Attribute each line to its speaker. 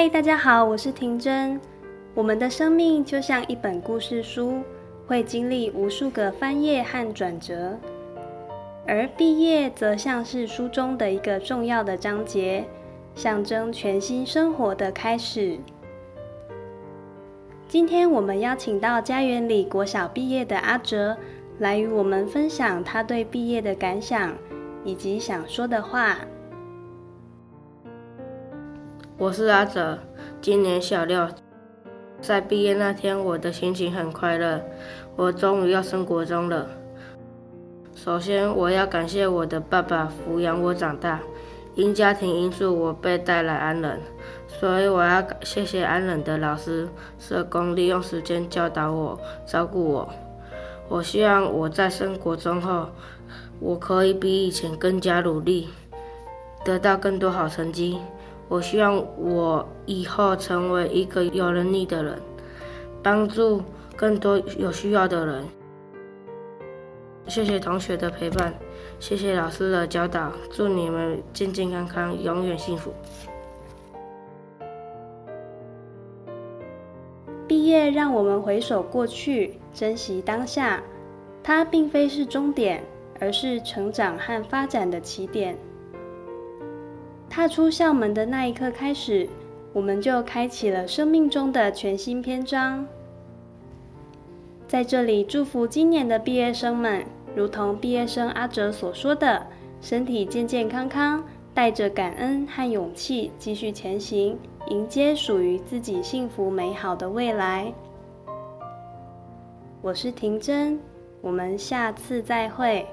Speaker 1: 嗨，大家好，我是婷珍。我們的生命就像一本故事書，會經歷無數個翻頁和轉折，而畢業則像是書中的一個重要的章節，象徵全新生活的開始。今天我們邀請到家園裡國小畢業的阿哲，來與我們分享他對畢業的感想以及想說的話。
Speaker 2: 我是阿哲，今年小六，在畢業那天，我的心情很快樂，我終於要升國中了。首先，我要感謝我的爸爸撫養我長大，因家庭因素，我被帶來安仁，所以我要感謝謝安仁的老師、社工利用時間教導我、照顧我。我希望我在升國中後，我可以比以前更加努力，得到更多好成績。我希望我以後成為一個有能力的人，幫助更多有需要的人。謝謝同學的陪伴，謝謝老師的教導。祝你們健健康康，永遠幸福。
Speaker 1: 畢業讓我們回首過去，珍惜當下。它並非是終點，而是成長和發展的起點。.踏出校門的那一刻開始，我們就開啟了生命中的全新篇章。在這裡，祝福今年的畢業生們，如同畢業生阿哲所說的，身體健健康康，帶着感恩和勇氣繼續前行，迎接屬於自己幸福美好的未來。我是婷真，我們下次再會。